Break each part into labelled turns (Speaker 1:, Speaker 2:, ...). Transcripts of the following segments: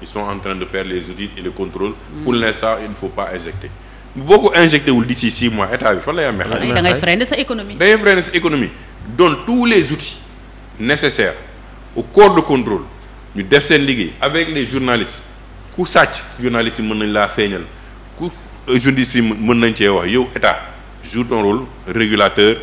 Speaker 1: ils sont en train de les audits et les contrôles. pour l'instant il ne faut pas injecter boo mois état bi fan la yàlla amee. da ngay freiner sa économie. tous les outils nécessaires au corps de contrôle ñu def seen liggéey avec les journalistes ku sàcc journalistes yi mën nañ laa feeñal ku euh, journalistes yi mën nañ cee wax yow état joue ton rôle régulateur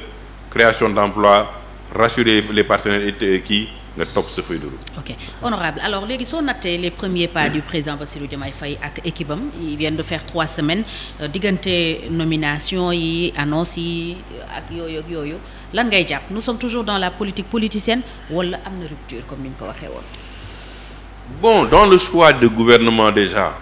Speaker 1: création d'emploi rassurer les partenaires et euh, kii. nga topp sa feuille de route. ok
Speaker 2: honorable alors léegi soo nattee les premiers pas du président Bassirou Diomaye Faye ak équipe am ils viennent de faire trois semaines euh, diggante nomination yi annonce yi ak yooyu ak yooyu lan ngay jàpp nous sommes toujours dans la politique politicienne wala am na rupture comme ni ñu ko waxee woon.
Speaker 1: bon dans le choix de gouvernement déjà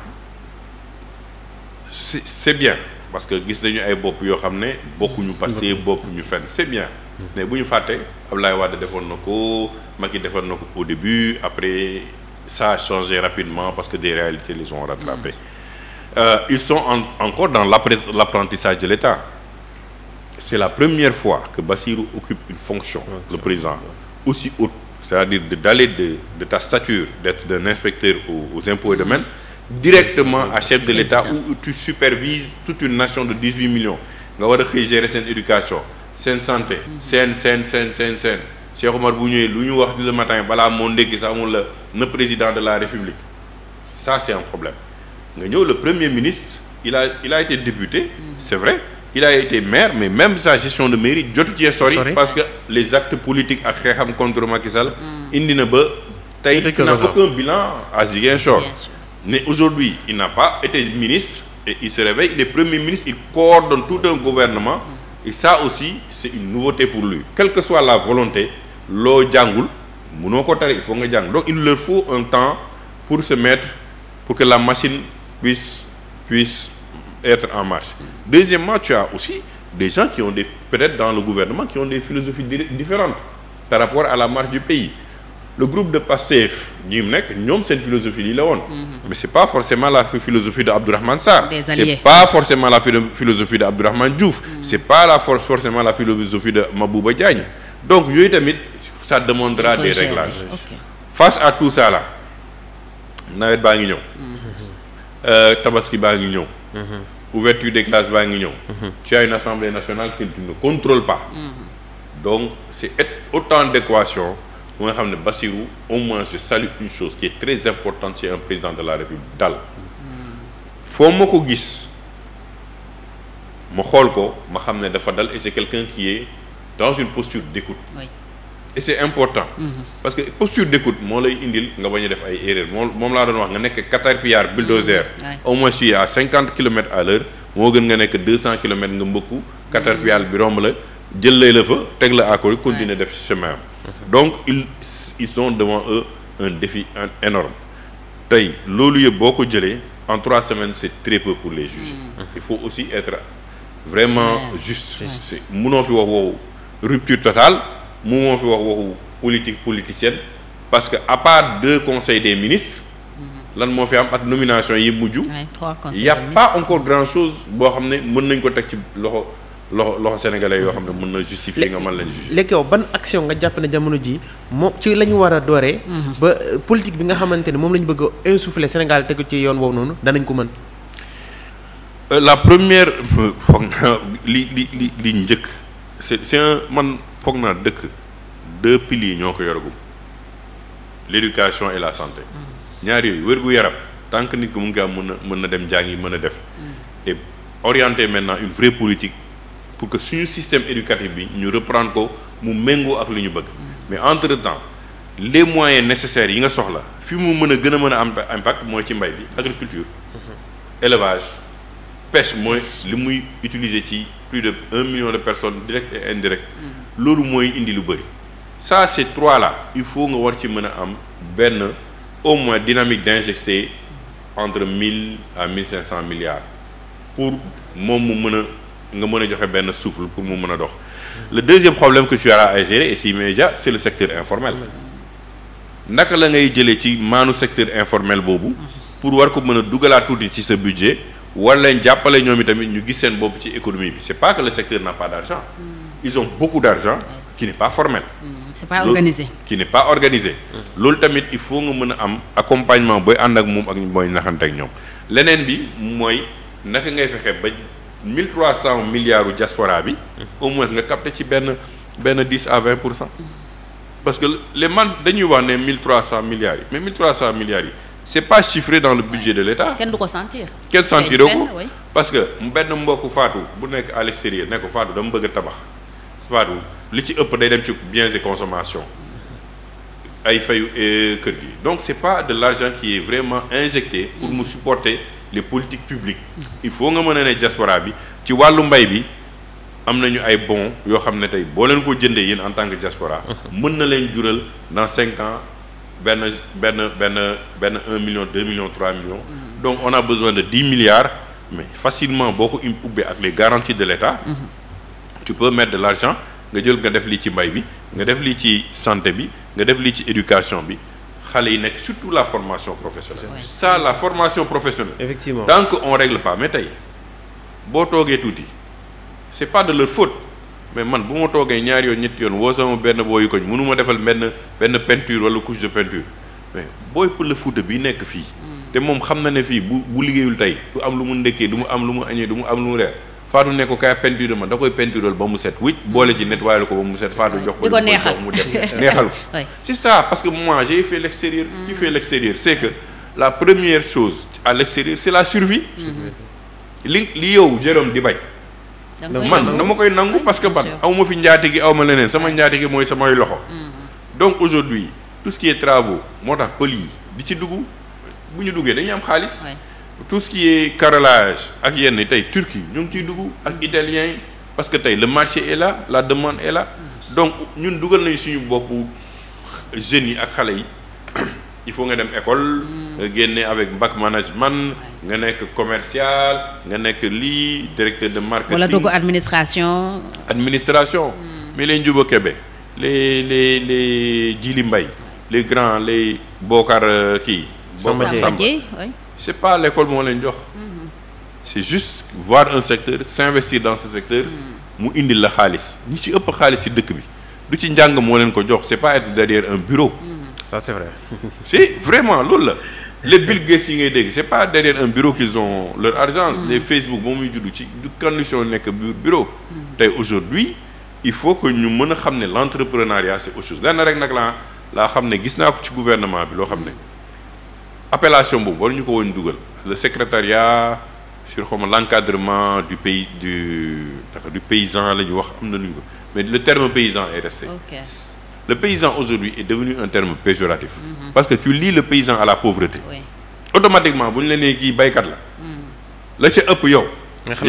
Speaker 1: c'est bien parce que gis nañu ay bopp yoo xam ne bokkuñu passé bokkuñu fenn c'est bien mm. mais bu ñu fàtte Abdoulaye Wade defoon na ko. Macky defar na ko au début après ça a changé rapidement parce que des réalités les ont rattrapés mm. euh, ils sont en, encore dans l'apprentissage de l'État c'est la première fois que Bassirou occupe une fonction le président aussi haute c'est-à-dire d'aller de, de ta stature d'être d'un inspecteur aux, aux impôts et mm. domaines directement à chef de l'État où tu supervises toute une nation de 18 millions nga war a xëy gérer seen éducation seen santé mm. seen seen seen seen Cheikh Omar bu ñëwee lu ñu wax le matin balaa moo ndékki sax amul la na président de la république ça c'est un problème nga ñëw le premier ministre il a il a été député mhm. c'est vrai il a été maire mais même sa gestion de mairie jotu cee sori parce que les actes politiques ak xeexam contre Macky mhm. indi na ba tey n'a aucun bilan à Ziguinchor mais aujourd'hui il n'a pas été ministre et il se réveille il est premier ministre il coordonne tout un mhm. la volonté loo jàngul mënoo ko tari il faut nga jàng donc il leur faut un temps pour se mettre pour que la machine puisse puisse être en marche deuxièmement tu aussi des gens qui ont des peut-être dans le gouvernement qui ont des philosophies différentes par rapport à la marche du pays le groupe de Pastef ñi mu nekk ñoom seen philosophie lii la woon mm-hmm. mais c'est pas forcément la philosophie de Abdourahmane Sarr c'est pas forcément la philosophie de Abdourahmane Diouf mm. c'est pas la forcément la philosophie de Mabouba Diagne donc yooyu tamit ça demandera des réglages okay. face à tout ça là nawet baa ngi ñëw mm-hmm. euh, tabaski baa ngi ñëw mm-hmm. ouverture des classes baa ngi ñëw mm-hmm. tu as une assemblée nationale que tu ne contrôles pas donc c'est autant d'équations bu nga xam ne Bassirou au moins je salue une chose qui est très importante c'est un président de la République dal foo ma ko gis ma xool ko ma xam ne dafa dal et c'est quelqu'un qui est dans une posture d'écoute et c'est important. Mm-hmm. parce que posture d'écoute moo lay indil nga bañ a def ay erreur moom moom laa doon wax nga nekk caterpillar bulldozer. Mm-hmm. au moins tu es à cinquante kilomètres à l'heure moo gën nga nekk deux cent kilomètres nga mbëkku. caterpillar bi romb la jëlee la fa teg la à côté continuer def chemin am. Mm-hmm. donc ils ils ont devant eux un défi énorme tey loolu yëpp boo ko jëlee en trois semaines c'est très peu pour les juges. il faut aussi être vraiment juste. c'est munoo fi wax wow mu moo fi wax waxu politique politicienne parce que à part deux conseil des ministres mm-hmm. lan moo fi am ak nomination yi mujj y a pas encore grand chose boo xam ne mën nañ ko teg ci loxo loxo loxo sénégalais yoo xam ne mën na justifier nga mën leen juger léegi yow ban action
Speaker 2: nga jàpp ne jamono ji moom ci la ñu war a dooree mm-hmm. ba euh, politique bi nga xamante ne moom la ñu bëgg a insuffler Sénégal tegu ci yoon woowu noonu danañ ko mën
Speaker 1: euh, la première foog naa li li li li njëkk foog naa dëkk deux piliers ñoo ko yoragum l'éducation et la santé. ñaar yooyu wér yaram tant que nit ki mu ngi am mën a mën na dem jàngi mën a def. Mm. et orienter maintenant une vraie politique pour que suñu système éducatif bi ñu reprendre ko mu méngoo ak lu ñu bëgg. Mm. mais entre temps les moyens nécessaires yi nga soxla fi mu mën a gën a mën a am impact mooy ci mbay bi agriculture. Mm-hmm. élevage. pêche mooy li muy utiliser ci plus de un million de personnes direct et indirect loolu mooy indi lu bëri ça c'est trois la il faut nga war ci mën a am benn au moins dynamique d'injecter entre mille à mille cinq cent milliards pour moom mu mën a nga mën a joxe benn souffle pour mu mën a dox le deuxième problème que tu as à gérer et c'est immédiat c'est le secteur informel naka la ngay jëlee ci maanu secteur informel boobu pour war ko mën a dugalaat tuuti ci sa budget war leen jàppale ñoom itamit ñu gis seen bopp ci économie bi c' est pas que le secteur n'a pas d' argent hmm. ils ont beaucoup d' argent qui pas formel
Speaker 2: hmm. c'est pas organisé
Speaker 1: qui n'est pas organisé hmm. loolu tamit il faut nga mën a am accompagnement booy ànd ak moom ak mooy naxante ak ñoom leneen bi mooy naka ngay fexe ba mille trois cent milliards u diaspora bi au moins nga capté ci benn benn dix à vingt pour cent parce que les man dañuy wax ne mille trois cent milliards yi mais mille trois cent milliards yi c'est pas chiffré dans le budget de l'État
Speaker 2: kenn du ko sentir kenn sentir ko
Speaker 1: parce que mu benn mbokk faatu bu nekk à l'extérieur ne faatu dama bëgg a tabax faatu li ci ëpp day dem ci biens et consommation ay fayu euh, kër gi donc c'est pas de l'argent qui est vraiment injecté pour mu supporter les politiques publiques il faut nga mën a ne diaspora bi ci wàllu mbay bi am nañu ay bons yoo xam ne tey boo leen ko jëndee yéen en tant que diaspora mën na leen jural dans cinq benn benn benn benn un million deux millions trois millions. donc on a besoin de dix milliards. mais facilement boo ko ubbee ak les garanties de l'État. tu peux mettre de l'argent nga jël nga def lii ci mbay bi nga def lii ci santé bi nga def lii ci éducation bi xale yi nekk surtout la formation professionnelle. ça la formation professionnelle. effectivement tant qu'on règle pas mais tey boo toogee tuuti c'est pas de leur faute. mais man bu ma toogee ñaari yoon ñetti yoon woo sama benn booyu koñ mënu ma defal benn benn peinture wala couche de peinture booy pël fuuta bi nekk fii. Hmm. te moom xam na ne fii bu bu liggéeyul tey du am lu mu ndekkee lu mu am lu mu añee du mu am lu mu reer faatu ne ko kaa peinture ma da koy peintural ba mu set wicc boole ci nettoyé ko ba mu set faatu jox ko. di ko neexal mu dem neexal ko. c'est ça parce que moi j'ai fait l'extérieur. qui hmm. fait l'extérieur c'est que la première chose à l'extérieur la survie. Hmm. li li yow Jérôme di bay
Speaker 2: man dama
Speaker 1: koy nangu parce que ban aw ma fi njaati gi aw ma leneen sama njaati gi mooy samay loxo mm-hmm. donc aujourd'hui tout ce moo tax pël yi di ci dugg bu ñu duggee dañuy am xaalis tout ce qui ak yenn tey Turquie ñu ngi ciy dugg ak mm-hmm. italien parce que tey le marché est là la demande est mm-hmm. donc ñun dugal nañ suñu boppu jeunes yi ak xale yi il faut nga dem école génne avec bac management nga nekk commercial nga nekk lii directeur de marketing wala dugg
Speaker 2: administration.
Speaker 1: administration. mi hmm. leen Njuba Kebe les les les Jili Mbay les grands les Bokar euh, kii. Samba Samba c'est pas l'école moo leen jox. Hmm. c'est juste voir un secteur s'investir dans ce secteur. Hmm. mu indi la xaalis ñi ci ëpp xaalis ci dëkk bi du ci njàng moo leen ko jox c'est pas être derrière un bureau. ça c'est vraiment loolu la. les Bill Gates yi ngay dégg c'est pas derrière un bureau qu'ils ont leur argent mm. les Facebook moom muy judd ci du condition nekk bureau mm. tey aujourd'hui il faut que ñu mën a xam ne l'entrepreneuriat c'est autre chose lenn rek nag laa laa xam ne gis naa ko ci gouvernement bi loo xam ne appellation boobu ñu ko woon dugal le secrétariat sur xawma l'encadrement du pays du du paysan la ñu wax am na lu ñu ko mais le terme paysan et resté le paysan aujourd'hui est devenu un terme péjoratif mm parce que tu lii le paysan à la pauvreté oui. automatiquement bu ñu la nee kii baykat la mhm. la ci ëpp yow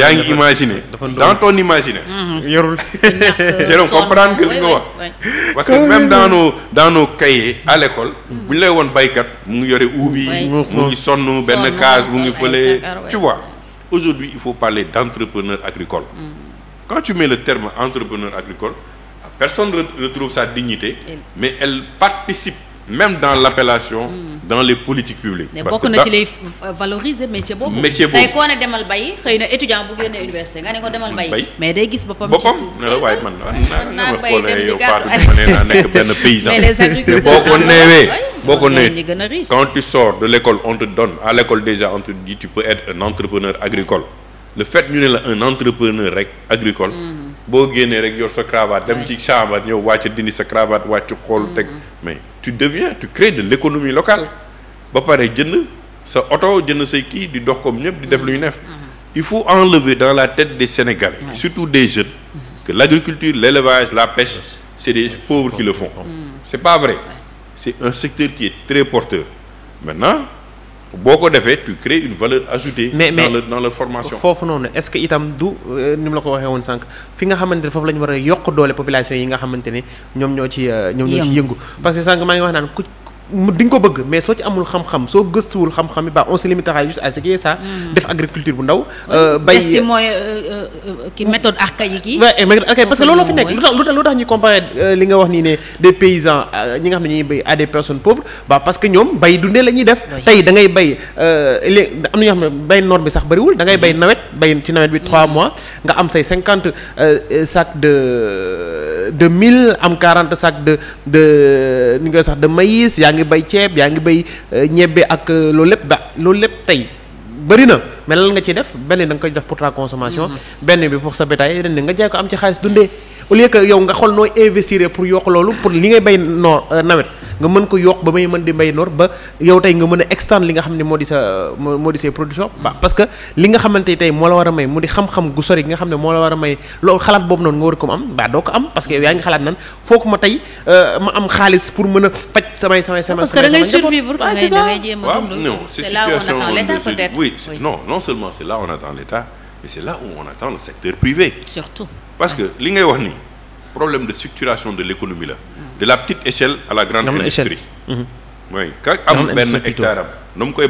Speaker 1: yaa ngi imaginer dans ton imaginaire
Speaker 2: mhm. yorul c'est donc comprendre nga wax
Speaker 1: parce que même daanoo nos dans à l'école mhm. bu ñu lay woon baykat mu ngi yore uubi mu ngi sonn benn case mu ngi fële tu vois aujourd'hui il faut parler d'entrepreneur agricole quand tu mets le terme entrepreneur agricole personne ne retrouve sa dignité mais elle participe même dans l'appellation hmm. dans les politiques publiques mais bokk na ci lay
Speaker 2: valoriser métier boobu métier boobu tey koo demal bay xëy na étudiant bu génne université nga ne ko demal bay mais day gis boppam boppam
Speaker 1: ne la waaye man ah, naa ma xoolee yow Fatou ma ne benn paysan mais boo ko neewee boo ko neewee quand tu sors de l'école on te donne à l'école déjà on te dit tu peux être entrepreneur agricole le fait ñu ne la un entrepreneur rek agricole hmm. boo génnee rek yor sa cravat dem ci chambre ñëw wàcc dindi sa cravate wàcc xool mm-hmm. teg mais tu deviens tu crées de l'économie locale ba pare jënd sa oto jënd say kii di dox comme ñëpp di def lu ñu def il faut enlever dans la tête des Sénégalais surtout des jeunes mm-hmm. que l'agriculture l'élevage la pêche c'est des pauvres qui le font mm. c'est pas vrai c'est un secteur qui est très porteur maintenant boo ko defee tu crées une valeur ajoutée. mais mais dans formation. foofu noonu est-ce que itam du
Speaker 2: euh, ni mu la ko waxee woon sànq fi nga xamante ne foofu la ñu war a yokk doole population yi nga xamante ne ñoom ñoo ci. Euh, ñoom ñoo ci yëngu parce que sànq maa ngi wax naan ku. di nga ko bëgg mais soo ci amul xam-xam soo gëstuwul xam-xam yi ba on se limitera juste à ce qui est ça. Mm-hmm. def agriculture bu ndaw. Euh, bay gëstu mooy euh, euh, ki méthode archaïque yi. méthode archaïque parce que looloo fi nekk lu tax lu tax ñuy comparer li nga wax nii ne des paysans ñi nga xam ne ñuy bay à des personnes pauvres ba parce que ñoom bay dundee la ñuy def. tey da ngay bay léegi am na ñoo xam ne bay noor bi sax bëriwul da ngay bay mm-hmm. nawet bay ci nawet bi 3 mm-hmm. mois nga am say 50 sacs de. de mille am quarante sacs de de ni nga sax de maïs yaa ngi bay ceeb yaa ngi bay euh, ñebbe ak euh, loolu lépp ba loolu lépp tey bëri na mais lan nga ciy def benn da nga koy def pour ta consommation mm-hmm. benn bi pour sa bétail ren nga jaay ko am ci xaalis dundee au lieu que yow nga xool nooy investir pour yokk loolu pour li ngay bay noor euh, nawet nga mën ko yokk ba may mën di bay noor ba yow tey nga mën a extendre li nga xam ne moo di sa moo di production ba parce que li nga xamante tey moo la war a may mu di xam-xam gu sori gi nga xam ne moo la war a may loolu xalaat boobu noonu nga war ko am ba doo ko am parce que yaa ngi xalaat nan foo ko ma tey euh, ma am xaalis pour mën a faj samay samay samay parce que da ngay
Speaker 1: a dund c'est là où parce que li ngay wax ni problème de structuration de l'économie la de la petite échelle à la grande industrie mooy mhm. ka am benn hectare am koy